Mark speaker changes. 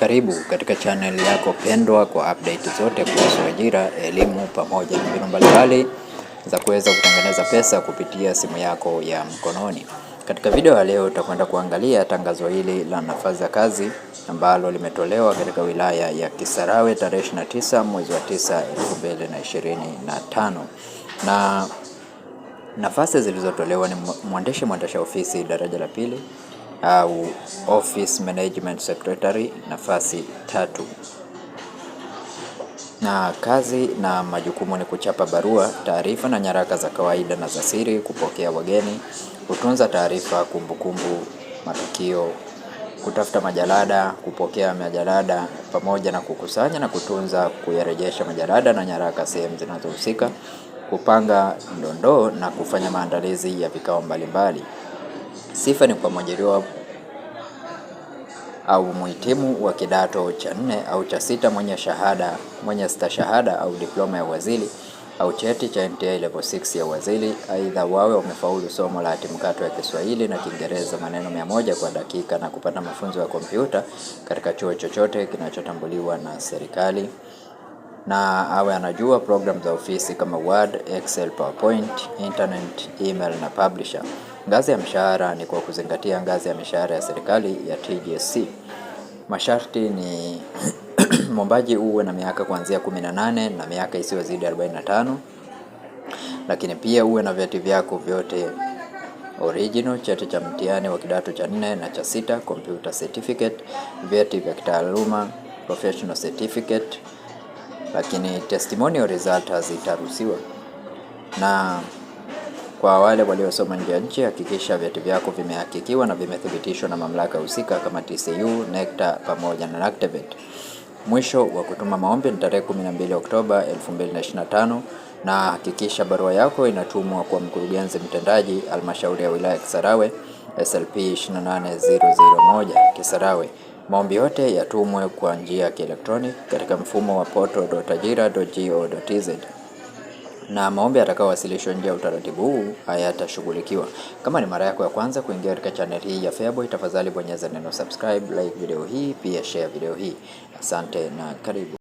Speaker 1: Karibu katika channel yako pendwa kwa update zote kuhusu ajira, elimu pamoja na mbinu mbalimbali za kuweza kutengeneza pesa kupitia simu yako ya mkononi. Katika video ya leo utakwenda kuangalia tangazo hili la nafasi za kazi ambalo limetolewa katika wilaya ya Kisarawe tarehe 29 mwezi wa 9 2025 na nafasi zilizotolewa ni mwandesha mwendesha ofisi daraja la pili, au office management secretary, nafasi tatu. Na kazi na majukumu ni kuchapa barua, taarifa na nyaraka za kawaida na za siri, kupokea wageni, kutunza taarifa, kumbukumbu, matukio, kutafuta majalada, kupokea majalada pamoja na kukusanya na kutunza, kuyarejesha majalada na nyaraka sehemu zinazohusika, kupanga ndondoo na kufanya maandalizi ya vikao mbalimbali. Sifa ni kwa mwajiriwa au mhitimu wa kidato cha nne au cha sita mwenye shahada, mwenye stashahada au diploma ya uwazili au cheti cha NTA level 6 ya uwazili Aidha, wawe wamefaulu somo la hatimkato ya Kiswahili na Kiingereza maneno mia moja kwa dakika na kupata mafunzo ya kompyuta katika chuo chochote kinachotambuliwa na serikali, na awe anajua programu za ofisi kama Word, Excel, PowerPoint, Internet, email na Publisher. Ngazi ya mshahara ni kwa kuzingatia ngazi ya mishahara ya serikali ya TGSC. Masharti ni mwombaji uwe na miaka kuanzia 18 na miaka isiyozidi 45, lakini pia uwe na vyeti vyako vyote original, cheti cha mtihani wa kidato cha nne na cha sita, computer certificate, vyeti vya kitaaluma, professional certificate, lakini testimonial result hazitaruhusiwa na kwa wale waliosoma nje ya nchi, hakikisha vyeti vyako vimehakikiwa na vimethibitishwa na mamlaka husika kama TCU, NECTA pamoja na NACTEVATE. Mwisho wa kutuma maombi ni tarehe 12 Oktoba 2025 na hakikisha barua yako inatumwa kwa mkurugenzi mtendaji halmashauri ya wilaya Kisarawe SLP 28001 Kisarawe. Maombi yote yatumwe kwa njia ya kielektroniki katika mfumo wa poto.ajira.go.tz na maombi yatakayowasilishwa nje ya utaratibu huu hayatashughulikiwa. Kama ni mara yako ya kwanza kuingia katika channel hii ya FEABOY, tafadhali bonyeza neno subscribe, like video hii, pia share video hii. Asante na karibu.